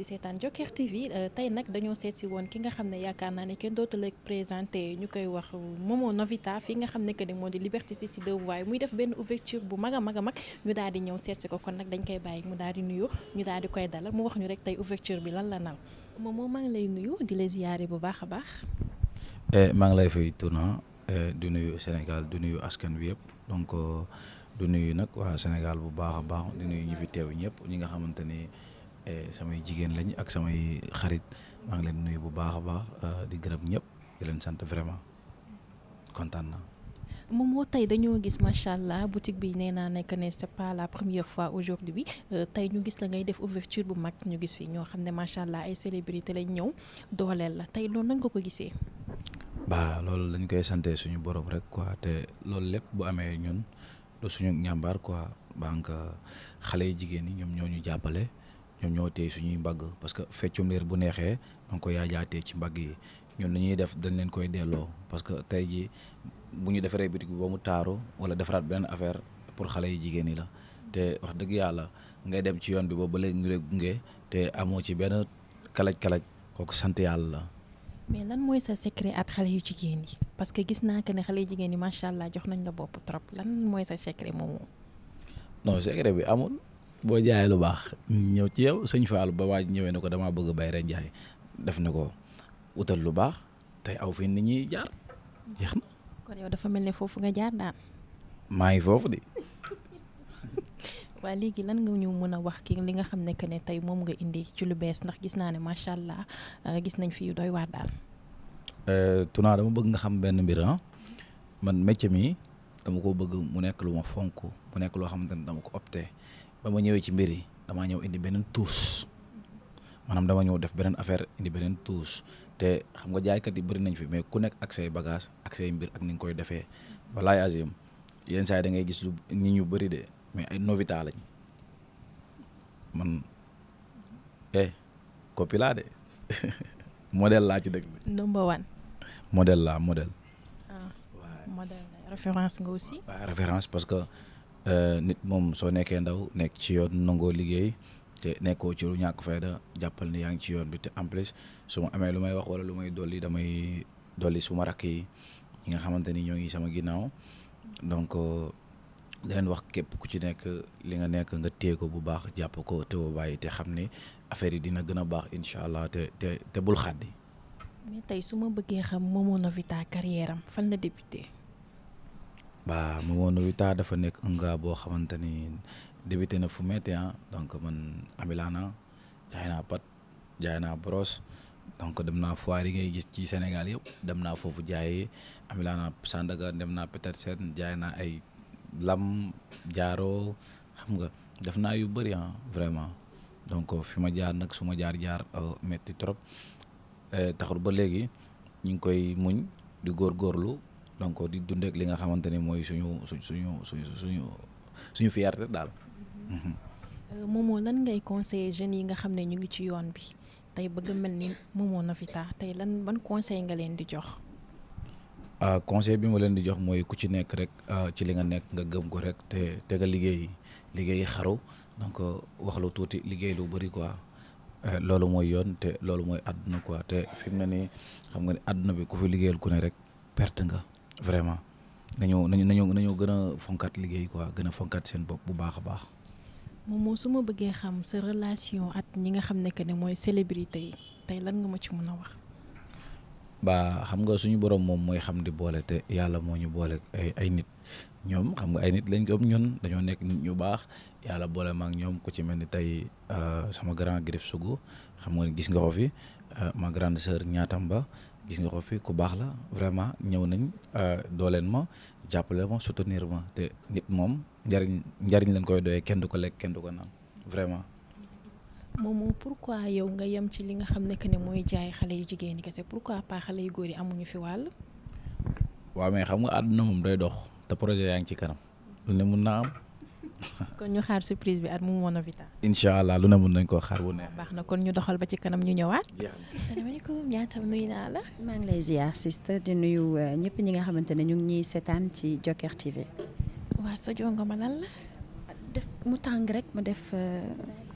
di seetaan Joker TV euh, tey nag dañoo seet si woon ki nga xam ne yaakaar naa ne kenn dootul ak présenté ñu koy wax moomoo Novita fi nga xam ne que ne moo di Liberté si Deux Voies muy def benn ouverture bu mag a mag a mag ñu daal di ñëw seet si ko kon nag dañ koy bàyyi mu daal di nuyoo ñu daal di koy dalal mu wax ñu rek tey ouverture bi lan la nal moom maa ngi lay nuyu di la ziyaare bu baax a baax. Eh, maa ngi lay fay Touna eh, di nuyu Sénégal du nuyu askan wi yëpp donc euh, du nuyu nag Sénégal bu baax a baax du ñëpp ñi nga xamante ni. Eh, samay jigéen lañ ak samay xarit maa ngi leen nuyu bu baax a baax eh, di gërëm ñëpp di leen sant vraiment kontaan naa. Momo tey dañoo gis macha allah boutique bi nee naa nekk ne c'est pas la première fois aujourd'hui eh, tey ñu gis la ngay def ouverture bu mag ñu gis fii ñoo xam ne macha allah ay célébrité lañ ñëw dooleel la tey loolu nañ ko ko gisee. ba loolu lañ koy sante suñu borom rek quoi te loolu lépp bu amee ñun suñu ñàmbaar quoi banque xale yi jigéen ñi ñoom ñoo ñu jàppale. ñoom ñoo téye suñuy mbagg parce que feccum liir bu neexee da nga ko yaajaatee ci mbagg yi ñun li ñuy def dañ leen koy delloo parce que tey jii bu ñu defaree bitik bi ba mu taaru wala defaraat benn affaire pour xale yi jigéen yi la te wax dëgg yàlla ngay dem ci yoon bi boobu ba léegi ñu lay gunge te amoo ci benn kalaj-kalaj kooku sant yàlla la. mais lan mooy sa secret at xale yu jigéen yi parce que gis naa que ne xale yu jigéen yi macha allah jox nañ la bopp trop lan mooy sa secret moomu. bo jaay lu bax ñew ci yow sëñ Fallou ba waa ñewé nako dama bëgg bay ren jaay def nako ko utal lu bax tay aw fi nit ñi jaar jeexna na. kon yow dafa melni fofu nga jaar daan maa ngi foofu de. waa léegi lan nga ñu mëna wax ki li nga xam ne que ne tey moom nga indi ci lu bees ndax gis né ma sha allah euh, gis nañ fi yu doy waar daal. Euh, Tuna dama bëgg nga xam ben mbir ah. man métier mi dama ko bëgg mu nekk lu ma mu nekk lo xamante dama ko opté bama ñëwé ci mbiri dama ñëw indi benen tous manam dama ñëw def benen affaire indi benen tous té xam nga jaay kat yi bari nañ fi mais ku nek ak say bagage ak say mbir ak ni nga koy defee walaay azim yeen say da ngay gis lu nit ñu bari dé mais ay novita lañ man eh copy la dé model la ci dëgg bi. number 1 model la model ah modèle référence nga aussi. waaw référence parce que. Eh, nit mom so nekké ndaw nek ci yoon nango liggéey té nekko ci lu ñàkk fayda jappal ni yaang ci yoon bi té en plus su ma amee lu may wax wala lu may dolli damay doli suma rakki yi nga xamanteni ni ñoo ngi sama ginnaw donc daneen wax képp ku ci nekk li nga nekk nga téye ko bu baax japp ko té wo bàyyi té xam affaire yi dina gëna baax inshallah té té té bul xadi mais tay suma bëggé xam Momo na vita carrière am fan la débuté ba mu won wita dafa nek un gars bo xamanteni débuté na fu metti hein ah, donc man amilana jayna na pat jayna na donc dem na foire ngay gis ci sénégal yépp dem na fofu jaay amilana sandaga dem na peut-être sen jayna ay lam jaro, xam nga def na yu bari hein ah, vraiment donc fi ma jaar nak suma jaar jaar euh, metti trop euh taxul ba légui ñing koy muñ di gor gorlu donc di dund li nga xamante ni mooy suñu suñ suñu suñ suñu suñu fierté daal. Mm-hmm. Euh, Momo lan ngay conseiller jeunes yi nga xam ne ñu ngi ci yoon bi tey bëgg a mel ni fi Nafita tey lan ban conseil nga leen di jox. Ah, conseil bi ma leen di jox mooy ku ci nekk rek ah, ci li nga nekk nga gëm ko rek te nga liggéey liggéey xaru donc euh, wax lu tuuti liggéey lu bëri quoi. Eh, loolu mooy yoon te loolu mooy àdduna quoi te fi mu ne nii xam nga ni àdduna bi ku fi liggéeyal ku ne rek perte nga vraiment nañu nañu nañu nañu gëna fonkat liggéey quoi gëna fonkat seen bop bu baax a baax. moom su ma bëggee xam sa relation at ñi nga xam ne que ne mooy célébrité yi tey lan nga ma ci mën a wax. ba xam nga suñu borom moom mooy xam di boole te yàlla moo ñu boole ay ay nit ñoom xam nga ay nit lañ comme ñun dañoo nekk nit ñu baax yàlla boole ma ak ñoom ku ci mel ni tey euh, sama grand griffe sugu xam nga gis nga ko fi euh, ma grande sœur ñaatam ba gis nga ko fi ku baax la vraiment ñëw nañ euh, dooleen ma jàppale ma soutenir ma te nit moom njariñ njariñ leen koy doyee kenn du ko lekk kenn du ko naan vraiment. Momo pourquoi yow nga yem ci li nga xam ne que ne mooy jaay xale yu jigéen ñi kese pourquoi pas xale yu góor yi amuñu fi wàll. waaw mais xam nga àdduna moom day dox te projet yaa ngi ci kanam lu ne mun naa am. kon ñu xaar surprise bi at mu Monovita. incha allah lu ne mun nañ koo xaar bu neex. baax na kon ñu doxal ba ci kanam ñu ñëwaat. asalaamaaleykum ñaatam nuyu naa la. maa ngi lay ziar sister di nuyu euh, ñëpp ñi nga xamante ne ñu ngi ñuy seetaan ci Joker TV. waa sa jongo ma lan la. def mu tàng rek mu def euh,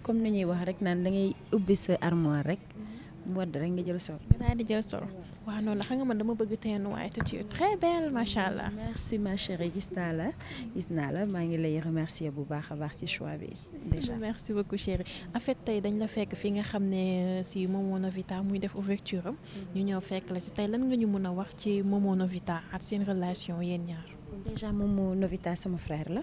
comme ni ñuy wax rek naan da ubbi sa armoire rek mu wadd rek nga jël sol. nga di jël sol. waaw noonu la xam nga man dama bëgg teen waaye te tu es très belle macha allah. merci ma chérie gis naa la gis naa la maa ngi lay remercier bu baax a baax ci choix bi déjà. merci beaucoup chérie en fait tey dañ la fekk fi nga xam ne euh, si Momo Novita muy def ouverture am. ñu ñëw fekk la si tey lan nga ñu mën a wax ci Momo Novita ak seen relation yéen ñaar. déjà Momo Novita sama frère la.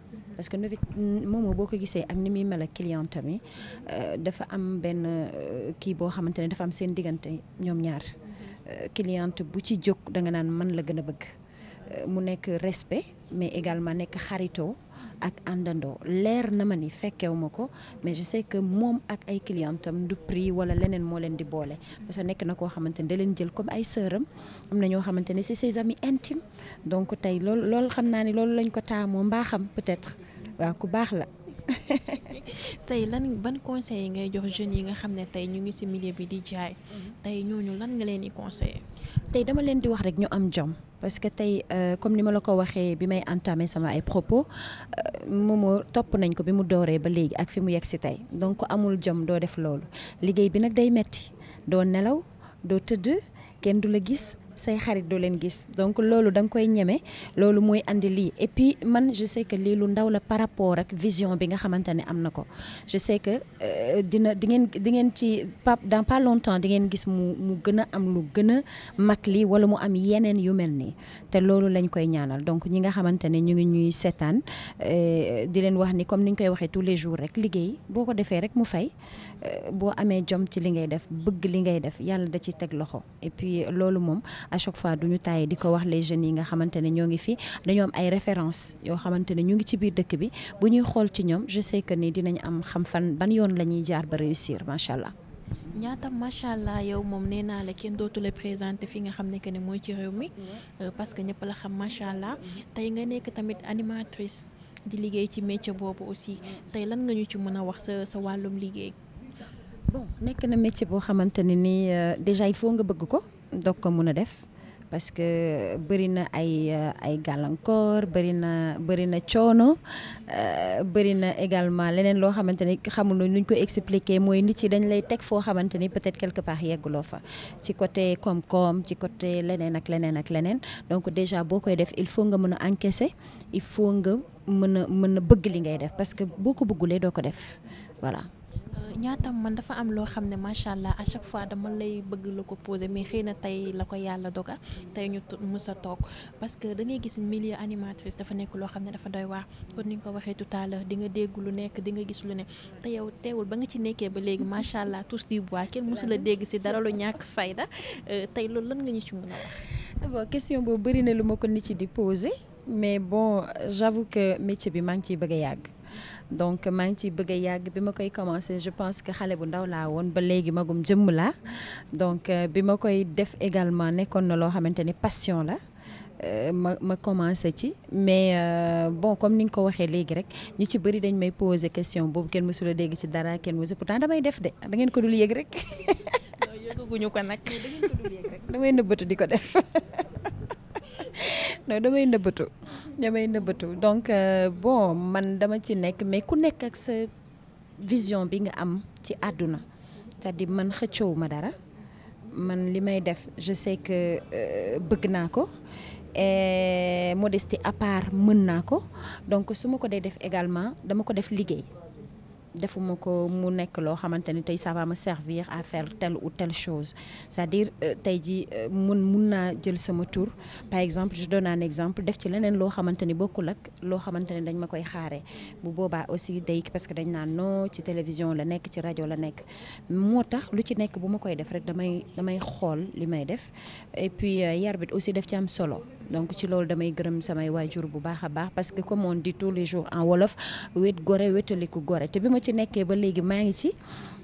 parce que Novit Momo boo ko gisee ak ni muy mel ak client am yi euh, dafa am benn euh, kii boo xamante ne dafa am seen diggante ñoom ñaar euh, cliente bu ci jóg da nga naan man la gën a bëgg mu nekk respect mais également nekk xaritoo ak àndandoo leer na ma ni fekkew ma ko mais je sais que moom ak ay clientam du prix wala leneen moo leen di boole parce que nekk na koo xamante ni da leen jël comme ay sëram am na ñoo xamante ne c'est ses amis intimes donc tey lool lool xam naa ni loolu lañ ko taamoo mbaaxam peut-être waaw ku baax la tey lan ban conseil ngay jox jeunes yi nga xam ne tey ñu ngi si milieu bi di jaay mhm. tey ñooñu lan nga leen di conseiller tey dama leen di wax rek ñu am jom parce que tey euh, comme ni ma la ko waxee bi may entamé sama ay propos euh, moomu topp nañ ko bi mu dooree ba léegi ak fi mu yegg si tey donc amul jom doo def loolu liggéey bi nag day metti doo nelaw doo tëdd kenn du la gis say xarit du leen gis donc loolu da nga koy ñeme loolu mooy indi lii et puis man je que lii lu ndaw la par rapport ak vision bi nga xamante ne am na ko je sais que euh, dina di ngeen di ngeen ci pas dans pas longtemps di ngeen gis mu mu gën a am lu gën a mag lii wala mu am yeneen yu mel nii te loolu lañ koy ñaanal donc ñi nga xamante ne ñu ngi ñuy seetaan euh, di leen wax ni comme ni ñu koy waxee tous les jours rek liggéey boo ko defee rek mu fay. Euh, boo amee jom ci li ngay def bëgg li ngay def yàlla da ci teg loxo et puis euh, loolu moom à chaque fois du ñu tàyyi di ko wax les jeunes yi nga xamante ne ñoo ngi fii dañoo am ay références yoo xamante ne ñu ngi ci biir dëkk bi bu ñuy xool ci ñoom je sais que ni dinañ am xam fan ban yoon la ñuy jaar ba réussir macha allah. ñaata macha allah yow moom nee naa la kenn dootu la présenté fii nga xam ne que ne mooy ci réew mi euh, parce que ñëpp la xam macha allah mm-hmm. tey nga nekk tamit animatrice di liggéey ci métier boobu aussi tey lan nga ñu ci mën a wax sa sa wàllum liggéey. bon nek na métier bo xamanteni ni euh, déjà il faut nga bëgg ko donc ko mun a def parce que bëri na ay euh, ay galancor bëri na bëri na coono euh, bëri na également lenen lo xamanteni xamul nu ñu ko expliquer moy nit ci dañ lay tek fo xamanteni peut-être quelque part yegguloo fa ci côté comme comme ci côté lenen ak lenen ak lenen donc déjà bokoy def il faut nga mëna encaisser il faut nga mëna mëna bëgg li ngay def parce que boo ko bëggulee ko def voilà. Euh, ñaatam man dafa am loo xam ne macha allah à chaque fois dama lay bëgg la ko poser mais xëy na tey la ko yàlla doga tey ñu mës a toog parce que da gis millier animatrice dafa nekk loo xam ne dafa doy waar kon ni nga ko waxee tout à di nga dégg lu nekk di nga gis lu ne te yow teewul ba nga ci nekkee ba léegi macha allah tous di bois kenn mësu la dégg si dara lu ñàkk fayda euh, tey loolu lan nga ñu ci mën a wax. question boobu bëri na lu ma ko nit ci di poser mais bon j'avoue que métier bi maa ngi ciy bëgg a yàgg. donc maa ci ciy bëgg a bi ma koy commencé je pense que xalé bu ndaw la won ba légui magum jëm la donc euh, bi ma koy def également nekkoon na lo xamanteni passion la. Euh, ma ma commencé ci mais euh, bon comme ni nga ko waxee léegi rek ñu ci bëri dañ may poser question boobu kenn mësul la dégg ci dara kenn mësul pourtant damay def dé da ngeen ko dul yegg rek. yëgaguñu ko nak da ngeen ko dul yegg rek damay nëbbatu di ko def. non damay nëbbatu damay nëbbatu donc euh, bon man dama ci nek mais ku nek ak sa vision bi nga am ci aduna c'est-à-dire man xëccoowu dara man limay def je sais que euh, bëgg naa ko et modestie à part mën ko donc su ma ko dee def également dama ko def liggéey defuma ko mu nek lo xamanteni tay ça va me servir à faire telle ou telle chose c'est-à-dire euh, tay ji euh, mun mun naa jël sama tour par exemple je donne un exemple def ci lenen lo xamanteni ni bokkul ak loo xamante dañ makoy koy bu boba aussi day parce que dañ naan non ci télévision la nek ci radio la nek motax lu ci nek bu ma def rek damay damay xol li may def et puis hier euh, bi aussi def ci am solo donc ci loolu damay gërëm samay waajur bu baax a baax parce que comme on dit tous les jours en wolof wet gore wetaliku gore te bi ci nekkee ba légui ma ngi ci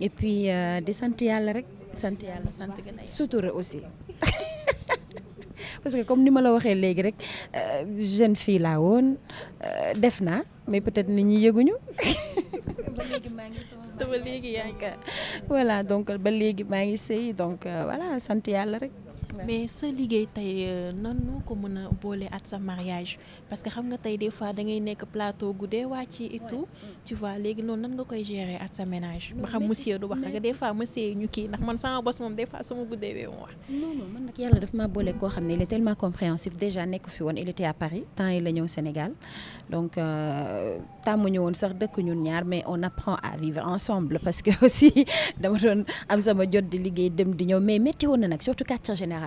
et puis euh, di sante yalla rek sante yalla sante sant sutura aussi parce que comme ni ma la waxé légui rek euh, jeune fille laa woon euh, def naa mais peut-être nit ñi yëguñu ba légui ma ngi ba léegi yaa ngi voilà donc ba légui ma ngi sey donc euh, voilà sante yalla rek mais ce liggéey tay euh, non nous ko mën a at sa mariage parce que xam nga tay des fois da ngay nek plateau goudé wati et tout tu vois légui non nan nga koy gérer at sa ménage ba xam monsieur du wax nga des fois monsieur ñu ki ndax man sama boss mom des fois sama goudé bee mu wax non non man nak yalla daf ma bolé ko xam ne il est tellement compréhensif déjà nek fi won il était à Paris tant il la ñeu Sénégal donc euh, tàmmuñu won sax dekk ñun ñaar mais on apprend à vivre ensemble parce que aussi dama don am sama jot di liggéey dem di ñeu mais metti won na surtout quartier général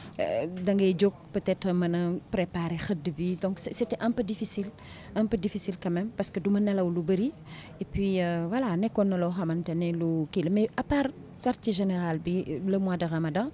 Euh, da ngay peut-être mën préparer xëdd bi donc c'était un peu difficile un peu difficile quand même parce que du ma nelaw lu bëri et puis euh, voilà nekkoon na loo xamante ne lu kii mais à part quartier général bi le mois de Ramadan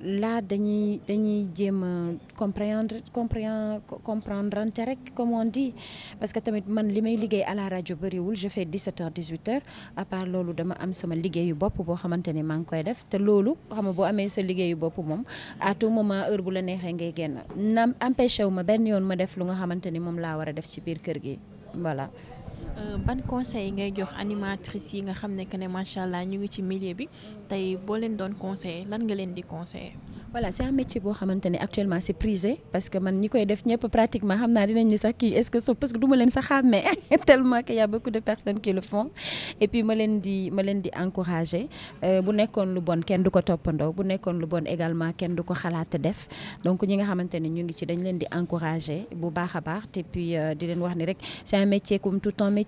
là dañuy dañuy jéem comprendre comprendre comprendre comprendrante comme on dit parce que tamit man limay may liggéey à la rajo bëriwul je fais 17 heures 18 heures à part lolu dama am sama liggéeyu bopp boo xamante ne maa koy def te lolu xam nga amé amee sa liggéeyu bopp mom à tout moment heure bu la nexé ngay genn nam empêché wu ma ben yoon ma def lu nga xamanteni mom la wara def ci biir kër gi voilà. Euh, ban conseil ngay jox animatrice yi nga xam ne que ne macha allah ñu ngi ci milieu bi tey boo leen doon conseil lan nga leen di conseil voilà c'est un métier boo xamante ne actuellement c'est prisé parce que man ñi koy def ñëpp pratiquement xam naa dinañ ni sax kii est-ce que so parce que du ma leen sax xàmmee tellement que y a beaucoup de personnes qui le font et puis ma leen di ma leen di encourager euh, bu nekkoon lu bon kenn du ko toppandoo bu nekkoon lu bon également kenn du ko xalaat def donc ñi nga xamante ne ñu ngi ci dañ leen di encourager bu baax a baax te puis euh, di leen wax ni rek c'est un métier comme tout un métier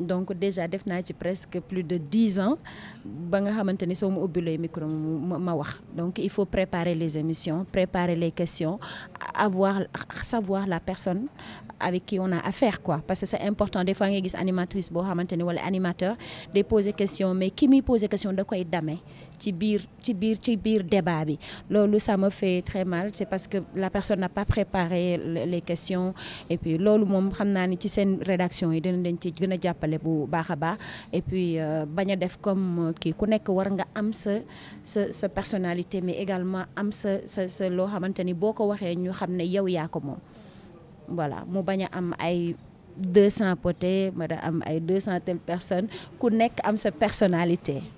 donc déjà def presque plus de dix ans donc il faut préparer les émissions préparer les questions avoir savoir la personne avec qui on a affaire quoi parce que c'est important des fois nga gis animatrice des wala animateur questions, poser question mais qui me poser question da koy damé ci tibir ci biir ci débat bi ça me fait très mal c'est parce que la personne n'a pas préparé les questions et puis lolo mon xam naa ni ci seen rédaction yi dina leen ci gën a jàppale bu baax a et puis euh, bañ def comme qui euh, ku que war nga am sa sa sa personnalité mais également am sa sa sa loo xamante ni boo ko waxee ñu xam ne yow ko voilà mon bañ am ay deux cent poté ma da am ay deux cent ku am sa personnalité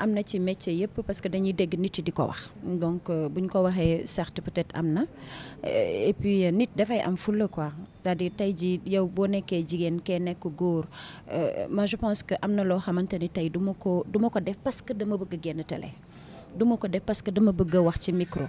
amna ci métier yëpp parce que dañuy dégg nit yi di ko wax donc euh, buñ ko waxee certes peut-être am na euh, et puis euh, nit dafay am fulla quoi c'est-à-dire tey jii yow boo nekkee jigéen kee nekk góor ma je pense que am na loo xamante ni tey du ma ko du ma ko def parce que dama bëgg génn télé du ma ko def parce que dama bëgg wax ci micro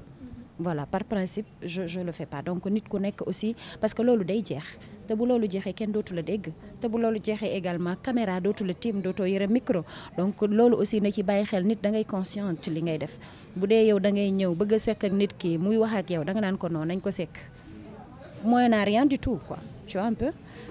voilà par principe je ne le fais pas donc nit aussi parce que lolu day jeex te bu te bu également caméra micro donc lolu aussi na ci baye xel nit da ngay conscient li ngay def des yow da ngay bëgg rien du tout quoi tu vois un peu.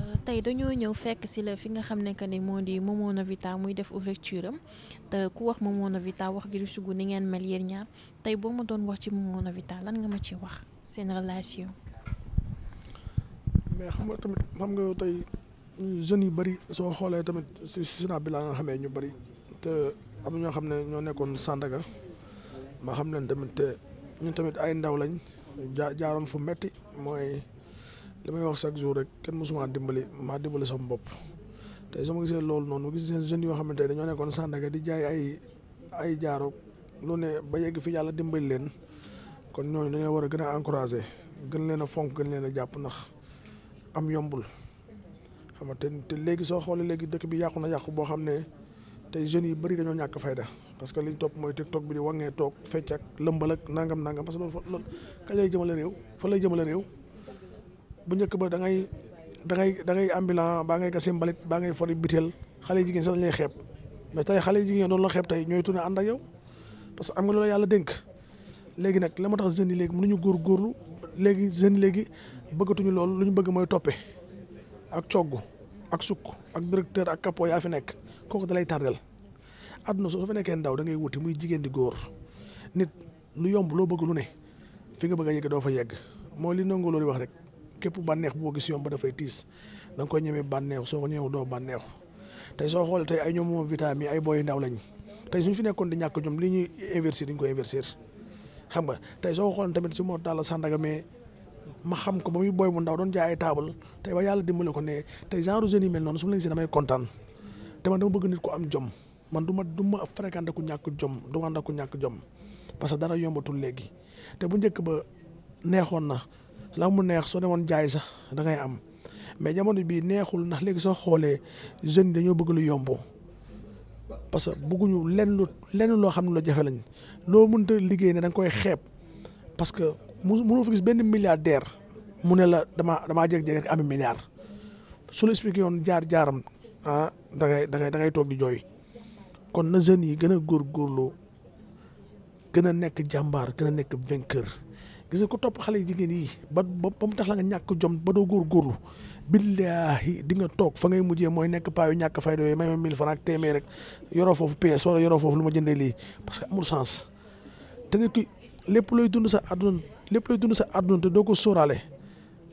Euh, tey dañoo ñëw fekk si la fi nga xam ne que ni moo di Momo Novita muy def ouverture am te ku wax a Novita wax gi du ni ngeen mel yéen ñaar tey boo ma doon wax ci Momo Novita lan nga ma ci wax seen relation. mais xam nga tamit xam nga tey jeunes yu bëri soo xoolee tamit si sina bi laa nga xamee ñu bëri te am ñoo xam ne ñoo nekkoon Sandaga ma xam leen tamit te ñun tamit ay ndaw lañ jaaroon fu metti mooy. li may wax chaque jour rek kenn mësuma dimbali maa dimbali sama bopp tey sama gisee loolu noonu ma gis seen jeunes yoo xamante ne dañoo nekkoon Sandaga di jaay ay ay jaaro lu ne ba yegg fi yàlla dimbali leen kon ñooñu dañoo war a gën a encourager gën leen a fonk gën leen a jàpp ndax am yombul xam nga te léegi soo xoolee léegi dëkk bi yàqu na yàqu boo xam ne tey jeunes yi bari dañoo ñàkk fayda parce que liñ topp mooy TikTok bi di wàññee toog fecc ak lëmbal ak nangam nangam parce que loolu fa loolu kañ lay jëmale réew fa lay jëmale réew. bu njëkk ba da ngay da ngay da ngay ambulant baa ngay gasi mbalit baa ngay fori biteel xale jigéen sax dañuy xeeb mais tey xale jigéen doon la xeeb tey ñooy tourné ànd ak yow parce que am nga loolu yàlla dénk léegi nag la ma tax jeunes yi léegi mënuñu góorgóorlu léegi jeunes yi léegi bëggatuñu loolu lu ñu bëgg mooy toppee ak coog ak sukk ak directeur ak capot yaa fi nekk kooku dalay tardel àdduna soo fa nekkee ndaw da ngay wuti muy jigéen di góor nit lu yomb loo bëgg lu ne fi nga bëgg a doo fa yegg mooy li nangu loolu wax rek képp bànneex boo gis yomb dafay tiis da nga koy ñemee bànneexu soo ko ñëwee doo bànneexu tey soo xoolee tey ay ñoom moom vitamine ay booy ndaw lañ tey suñ fi nekkoon di ñàkk jom li ñuy investir dañ ko investir xam nga tey soo xoolee tamit su moo Talla Sandaga mais ma xam ko ba muy booy bu ndaw doon jaay ay table ba yàlla dimbali ko ne tey genre jeunes yi mel noonu su ma leen gisee damay kontaan man dama bëgg nit ku am jom man du ma a ma fréquenté ku ñàkk jom du ma a ak ku ñàkk jom parce que dara yombatul léegi te bu njëkk ba neexoon na la mu neex soo demoon jaay sax da ngay am mais jamono bii neexul ndax léegi soo xoolee jeunes yi dañoo bëgg lu yomb parce que bëgguñu lenn lu lenn loo xam ne la jafe lañ loo mënta liggéey ne da koy xeeb parce que mu mënoo fa gis benn milliardaire mu ne la damaa damaa jékki-jékki am milliard su la expliqué woon jaar jaaram ah da ngay da da ngay toog di jooy kon na jeunes yi gën a góor góorgóorlu gën a nekk jàmbaar gën a nekk vainqueur gis nga ku topp xale yi ba bam tax la nga ñak jom ba gor gorlu billahi di nga tok fa ngay mujjé moy nek pa yu ñak fay do may 1000 francs franc rek yoro fofu PS wala yoro fofu luma jëndé li parce que amul sens té nga ki lepp loy dund sa adun lepp loy dund sa adun te doo ko sóoraale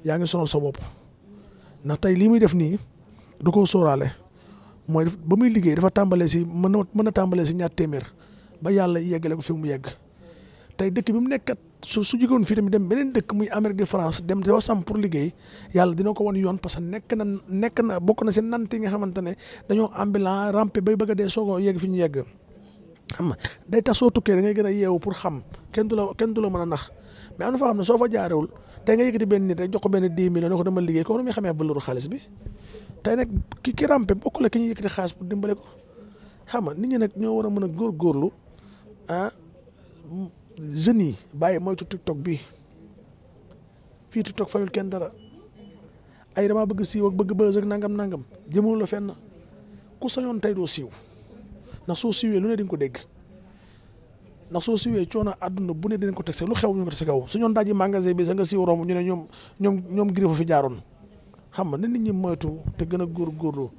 yaa ngi sonal sa bop na tay li muy def ni du ko sóoraale mooy ba muy liggéey dafa tambalé ci mëna mëna tambalé ci ñaat si ba yalla yéggalé ko fi mu yegg tay dëkk bi mu nekkat su su jógewoon fii tamit dem beneen dëkk muy Amérique de France dem dafa sam pour liggéey yàlla dina ko won yoon parce que nekk na nekk na bokk na seen nante nga xamante ne dañoo ambulant rampe bay bëgg a dee soog a yegg fi xam nga day tax soo tukkee da ngay gën a yeewu pour xam kenn du la kenn du la mën a nax mais am na foo xam ne soo fa nga benn nit rek jox ko benn dix millions ne ko dama liggéey ko nu muy xamee valeur xaalis ki ki bokk la ki ñu yëkkati xaalis pour dimbale ko xam nga nit ñi nag ñoo war a mën a góorgóorlu ah jeunes yi bàyyi moytu TikTok bi fii TikTok fayul kenn dara ay dama bëgg siiw ak bëgg bës ak nangam nangam jëmul la fenn ku sañoon tey doo siiw ndax soo siiwee lu ne di ko dégg ndax soo siiwee coono àdduna bu ne dinañ ko teg lu xew ñu ko teg si kaw su ñoon daji magasin bi sa nga siiw romb ñu ne ñoom ñoom ñoom Griff fi jaaroon xam nga na nit ñi moytu te gën a góorgóorlu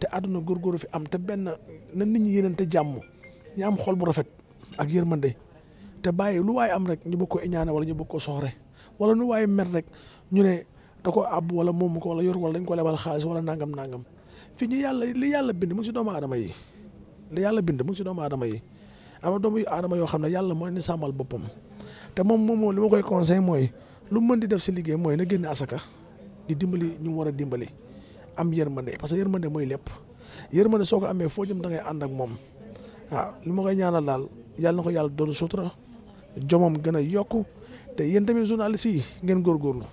te àdduna góorgóorlu fi am te benn na nit ñi yéenante jàmm ñi am xol bu rafet ak yërmande. te bàyyi lu waaye am rek ñu bëgg ko wala ñu bëgg ko soxre wala nu waaye mer rek ñu ne da ko àbb wala mu ko wala yor wala dañ ko lebal xaalis wala nangam nangam fi ñu yàlla li yàlla bind mu ngi si doomu aadama yi yàlla bind mu ngi si yi am na doomu aadama yoo xam ne yàlla mooy ni sàmmal boppam te moom moom li ma koy conseil mooy lu mën di def si liggéey mooy na génne asaka di dimbali ñu war a dimbali am yërmande parce que yërmande mooy lépp yërmande soo ko amee foo jëm da ngay ànd ak moom waaw li ma koy ñaanal daal yàlla ko yàlla doon sutura jomam gën a yokku te yéen tamit journaliste yi ngeen góorgóorlu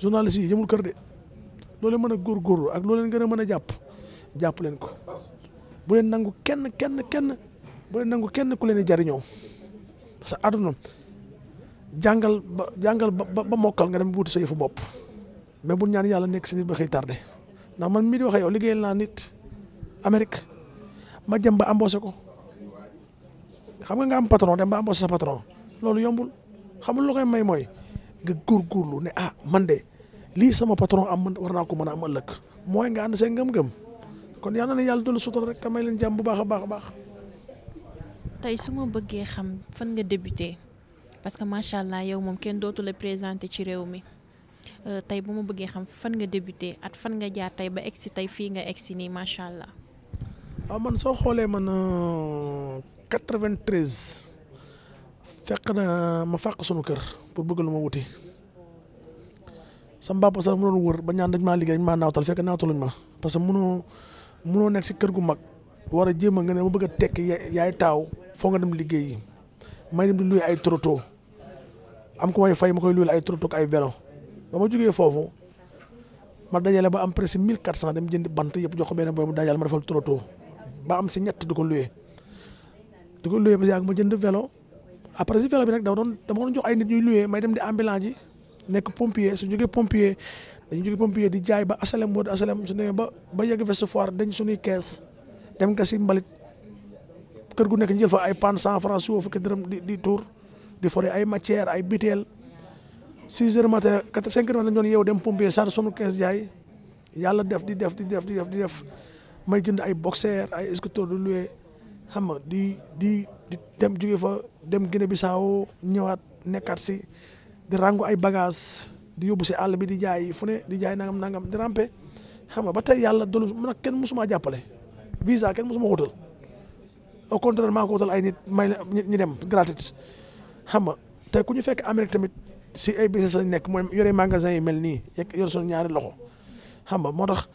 journaliste yi yëmul kër de loo mën a góor góorgóorlu ak loo leen gën a mën a jàpp jàpp leen ko bu leen nangu kenn kenn kenn bu leen nangu kenn ku leen di jariñoo parce que àdduna jàngal ba jàngal ba ba mokkal nga dem wuti sa fu bopp mais bu ñaan yàlla nekk si nit ba xëy tardé ndax man mii di waxee yow liggéeyal naa nit Amérique ma jëm ba ko. xam nga nga am patron dem ba am sa patron loolu yombul xam lu koy may mooy nga góorgóorlu ne ah man de lii sama patron am war naa ko mën a am ëllëg mooy nga ànd seen ngëm-ngëm kon yal na yàlla dolli rek te may leen jàmm bu baax a baax a baax. tey su ma bëggee xam fan nga débuté parce que macha allah yow moom kenn dootu la présenté ci réew mi euh, tey bu ma bëggee xam fan nga débuté at fan nga jaar tey ba egsi tey fii nga egsi nii macha allah. waaw ah, man soo man. Euh, 93 fekk na ma fàq sunu kër pour bëgg lu ma wuti sam papa sax mu doon wër ba ñaan dañ maa liggéey dañ maa naawtal fekk naawtaluñ ma parce que mënoo mënoo nekk si kër gu mag war a jéem a nga ne ma bëgg a tekki ya-, yaay taaw foo nga dem liggéeyi may dem di luy ay troto am ko may fay ma koy luyul ay troto ay vélo ba ma jógee foofu ma dajale ba am presque 1400 dem jëndi bant yëpp jox ko benn booy mu ma defal troto ba am si ñett di ko luyee di ko loué ba si ak ma jënd vélo après si vélo bi nag dama doon dama doon jox ay nit ñuy loué may dem di ambulance ji nek pompier su jógee pompier dañu jógee pompier di jaay ba asalem wóor asalem su demee ba ba yegg ya veste foire dañ suñuy kees dem nga si mbalit kër gu nekk ñu fa ay pan cent franc su fukki dërëm di di tour di fore ay matière ay biteel six heures matin quatre cinq heures matin ñoon yeew dem pompier ya, sar sunu kees jaay yàlla def di def di def di def di def may jënd ay boxer ay scooter du loué ya. xam nga di di dem jóge fa dem Guinée Bissau ñëwaat nekkaat si di rangu ay bagage di yóbbu si àll bi di jaay fu ne di jaay nangam nangam di rampe xam ba tey yàlla dolu man nag kenn mësuma jàppale visa kenn mësuma xutal au contraire maa ko ay nit may ñi dem gratuit xam nga tey ku ñu fekk Amérique tamit si ay business lañ nekk mooy yore magasin yi mel nii yegg yor ñaari loxo xam nga moo tax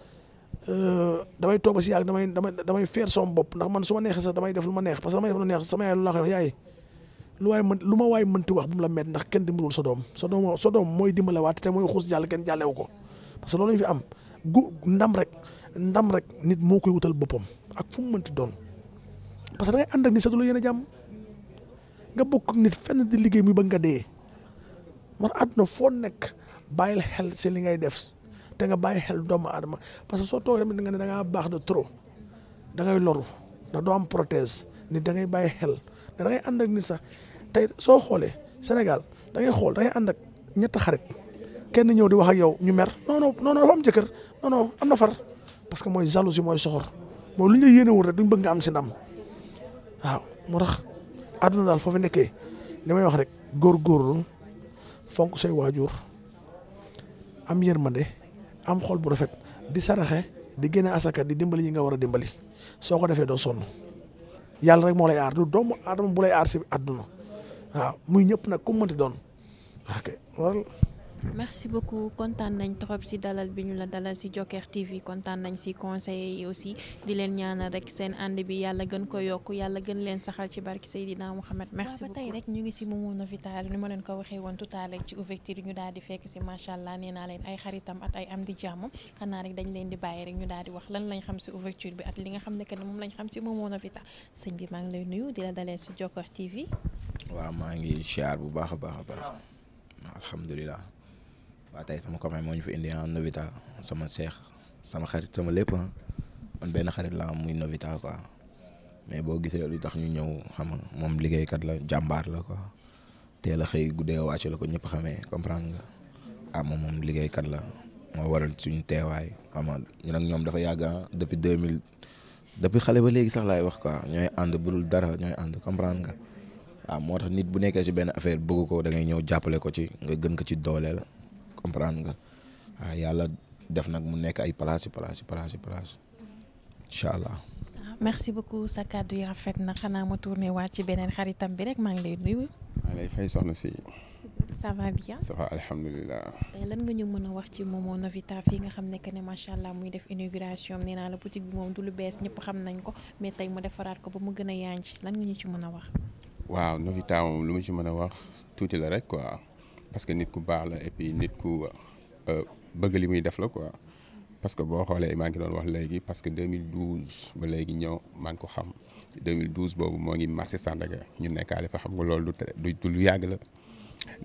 Euh, damay toog ba si yàgg damay damay damay feer sama bopp ndax man su ma neexee sax damay def lu ma neex parce que damay def lu neex sama yaay lu la wax yaay lu waay mën lu ma waay mënti wax bu mu la met ndax kenn dimbalul sa doom sa doom sa doom mooy dimbalewaat te mooy xuus jàll kenn jàllewu ko parce que loolu lañu fi am gu ndam rek ndam rek nit moo koy wutal boppam ak fu mu mënti doon parce que da ngay ànd ak nit sa du la yéen a jàmm nga bokk nit fenn di liggéey muy bëgg nga dee man àdduna foo nekk bàyyil xel si li ngay def te nga baye xel doomu aadama parce que so toogee tamit nga da nga bax de trop da ngay loru da do am prothèse ni da ngay baye xel da ngay ànd ak nit sax tay so xolé Sénégal da ngay xol da ngay ànd ak ñett xarit kenn ñew di wax ak yow ñu mer non non non dafa am jëkkër non non am na far parce que moy jalousie moy soxor mooy lu ñu la rek duñ bëgg am ci ndam waaw mo tax aduna dal fofu nekké li may wax rek gor fonk say wajur am yermande am xol bu rafet di saraxe di gën a asaka di dimbali ñi nga war a dimbali soo ko defee doo sonn yàlla rek moo lay aar du doomu aadama bu lay aar si àdduna waaw muy ñëpp nag ku mënti doon ok merci beaucoup kontaan nañ trop si dalal bi ñu la dalal si Joker TV kontaan nañ si conseillers yi aussi di leen ñaanal rek seen ànd bi yàlla gën ko yokk yàlla gën leen saxal ci barki Seydina Mouhamed merci beaucoup tey rek ñu ngi si Momo Novital ni ma leen ko waxee woon tout à l'heure ci ouverture yi ñu daal di fekk si macha allah nee naa leen ay xaritam at ay am di jàmm xanaa rek dañ leen di bàyyi rek ñu daal di wax lan lañ xam si ouverture bi at li nga xam ne que moom lañ xam si Momo Novital sëñ bi maa ngi lay nuyu di la dalee si Joker TV. waaw maa ngi siyaar bu baax a baax a waaw tey sama copain moo ñu fi indi ah Novita sama seex sama xarit sama lépp ah. man benn xarit la muy Novita quoi mais boo gisee lu tax ñu ñëw xam nga moom liggéeykat la jàmbaar la quoi teel a xëy guddee wàcc la ko ñëpp xamee comprendre nga ah moom liggéeykat la moo waral suñu teewaay xam nga ñu nag ñoom dafa yàgg ah, depuis deux mille depuis xale ba léegi sax laay wax ko ñooy ànd bu dul dara ñooy ànd comprendre nga waaw ah, moo tax nit bu nekkee si benn affaire bëgg ko da ngay ñëw jàppale ko ci nga gën ko ci la comprendre nga ah yalla def nak mu nek ay place place place place inshallah merci beaucoup saka du rafet na xana ma tourner wa ci benen xaritam bi rek ma ngi lay nuyu. maa lay fay soxna si. ça va bien. ça va alhamdoulillah tey lan nga ñu mëna wax ci Momo Novita fi nga xamne que ne machallah muy def inauguration nee naa la boutique bi mom du lu bees ñep xam nañ ko mais tay mu defaraat ko ba mu gëna a lan nga ñu ci mëna wax. waaw Novita mom lu mu ci mëna wax tuuti la rek quoi. parce que nit ku baax la et puis nit ku euh, bëgg li muy def la quoi parce que boo xoolee maa ngi doon wax léegi parce que 2012 ba léegi ñëw maa ngi ko xam 2012 boobu moo ngi marché Sandaga ñu nekkaale fa xam nga loolu du du lu yàgg la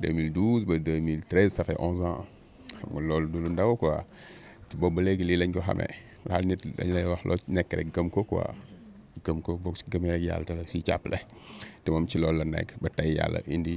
2012 ba 2013 ça fait 11 ans xam nga loolu du lu ndaw koi boobu ba léegi lii lañ ko xamee daal nit dañ lay wax loo nekk rek gëm ko quoi gëm ko boo si gëmee rek yàlla te si jàppale te moom ci loolu la nekk ba tey yàlla indi.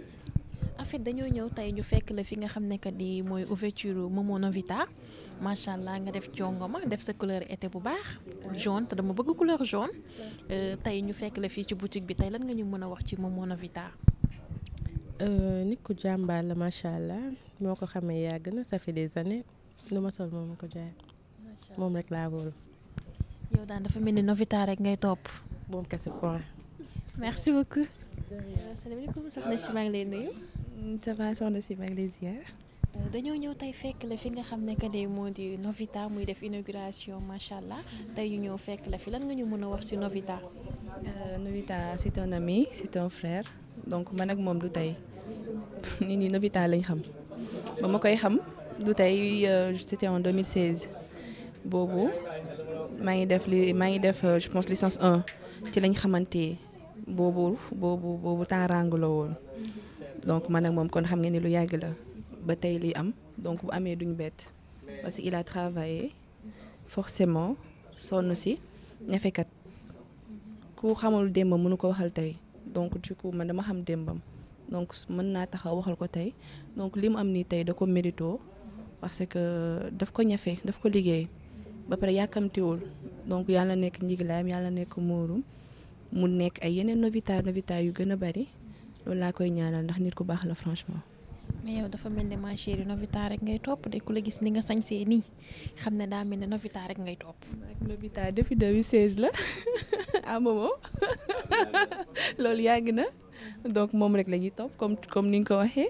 en fait dañoo ñëw tey ñu fekk la fi nga xam ne que di mooy ouverture Momo Novita macha allah nga def jongoma def sa couleur été bu baax jaune te dama bëgg couleur jaune euh, tey ñu fekk la fii ci boutique bi tey lan nga ñu mën a wax ci Momo Novita. Euh, nit ku jàmbaar la macha allah moo ko xamee yàgg na ça fait des années lu ma sol moom ko jaay moom rek laa wóolu. yow daan dafa mel ni Novita rek ngay topp. boom kese point. merci beaucoup. Euh, salaamaaleykum soxna si maa ngi lay nuyu ça va soxna si maa ngi lay ziar. Euh, dañoo ñëw tey fekk la fi nga xam ne que day moo di Novita muy def inauguration macha allah tey ñu ñëw fekk la fi lan nga ñu mën a wax si Novita. Euh, Novita c'est un ami c'est un frère donc man ak moom du tey nit ñi Novita lañ xam ba ma koy xam du tey euh, c'était en 2016 boobu maa ngi def li maa ngi def je pense licence 1 ci lañ xamante boobu boobu boobu temps rang la woon. donc man ak moom kon xam nga ni lu yàgg la ba tey lii am donc bu amee duñ bett parce que il a travaillé forcément sonn si ñafekat ku xamul démbam mënu ko waxal tey donc du coup man dama xam démbam donc mën naa taxaw waxal ko tey donc li mu am nii tey da ko mérito parce que daf ko ñafe daf ko liggéey ba pare yàkkamtiwul donc yàlla nekk njiglaayam yàlla nekk muurum mu nekk ay yeneen novita novita yu gën a bari loolu laa koy ñaanal ndax nit ku baax la franchement. mais yow dafa mel ni ma chérie Novita rek ngay topp de ku la gis ni nga sañsee nii xam ne daa mel ne Novita rek ngay topp. ak Novita depuis 2016 la à momo loolu yàgg na donc moom rek la ñuy topp comme comme ni nga ko waxee.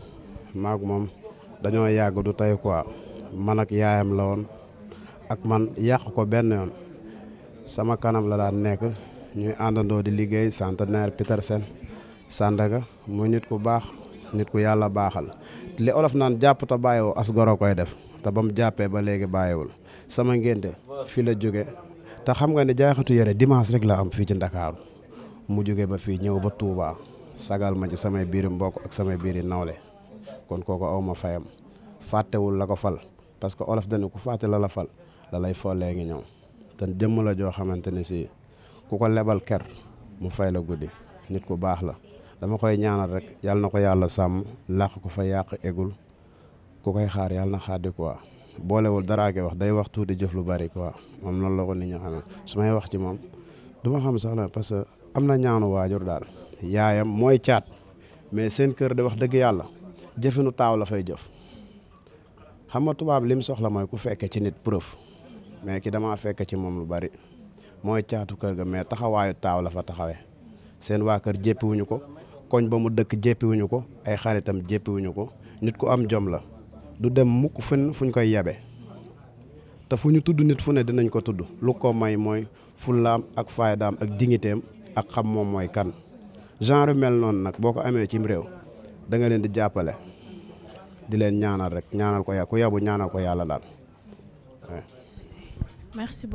maak moom dañoo yàgg du tey quoi man ak yaayam la woon ak man yàq ko benn yoon sama kanam la daan nekk ñuy àndandoo di liggéey centenaire Petersen Sandaga mu nit ku baax nit ku yàlla baaxal li olof naan jàpp te bàyyiwoo as goro koy def te ba mu jàppee ba léegi bàyyiwul sama ngénte fii la jóge te xam nga ne jaaxatu yére dimanche rek la am fii ci Ndakaaru mu jóge ba fii ñëw ba Touba sagal ma ci samay biiri mbokk ak samay biiri nawle kon kooku aw ma fayam fàttewul la ko fal parce que olof dana ku fàtte la la fal la lay follee ngi ñëw te jëmm la joo xamante ne si ku ko lebal ker mu fay la guddi nit ku baax la dama koy ñaanal rek yal na ko yàlla sàmm làq ko fa yàq egul ku koy xaar yal na xaadi quoi boolewul dara daraage wax day wax tuuti jëf lu bari quoi moom noonu la ko nit ñi xamee su may wax ci moom du xam sax na parce que am na ñaanu waajur daal yaayam mooy caat mais seen kër de wax dëgg yàlla jëfinu taaw la fay jëf xam nga tubaab lim soxla mooy ku fekke ci nit preuve mais ki damaa fekk ci moom lu bari mooy caatu kër ga mais taxawaayu taaw la fa taxawee seen waa kër jéppiwuñu ko koñ ba mu dëkk jéppiwuñu ko ay xaritam jéppiwuñu ko nit ku am jom la du dem mukk fenn fuñ koy yebe te fu ñu tudd nit fu ne dinañ ko tudd lu ko may mooy fullaam ak faydaam ak dignitéem ak xam moom mooy kan genre mel noonu nag boo ko amee cim réew danga leen di jàppale di leen ñaanal rek ñaanal ko yàlla ku yabu ñaanal ko yàlla daal merci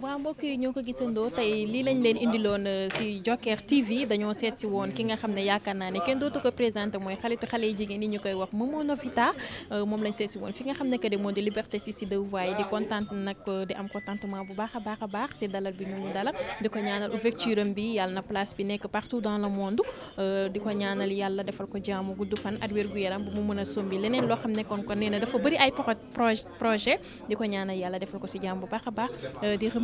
waaw mbokk yi ñoo ko gisandoo tey lii lañ leen indiloon si euh, Joker TV dañoo seet si woon ki nga xam ne yaakaar naa ne kenn dootu ko présenté mooy xalitu xale yi jigéen ñi ñu koy wax Momo Novita euh, moom lañ seet si woon fi nga xam ne que de moo di liberté si kontaan nag euh, di am contentement bu baax a baax a dalal bi ñu dalal di ko ñaanal ouverture am bi yàlla na place bi nekk partout dans le monde di ko ñaanal yàlla defal ko jaamu gudd fan at wér gu yaram bu mu mën a sumbi leneen loo xam ne kon kon nee na dafa bëri ay projet di ko ñaanal yàlla defal ko si jaam bu baax a baax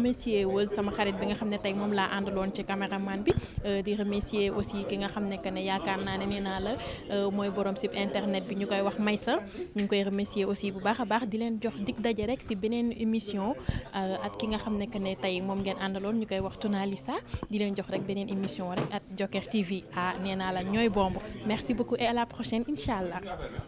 remercier Weuz sama xarit bi nga xam ne tey moom laa àndaloon ci caméraman bi euh, di remercier aussi ki nga xam ne que ne yaakaar naa ne nee naa la euh, mooy borom site internet bi ñu koy wax Maysa ñu ngi koy remercier aussi bu baax a baax di leen jox dig daje rek si beneen émission euh, ak ki nga xam ne que ne tey moom ngeen àndaloon ñu koy wax Touna Lissa di leen jox rek beneen émission rek at Joker TV ah nee naa la ñooy bomb merci beaucoup et à la prochaine incha allah.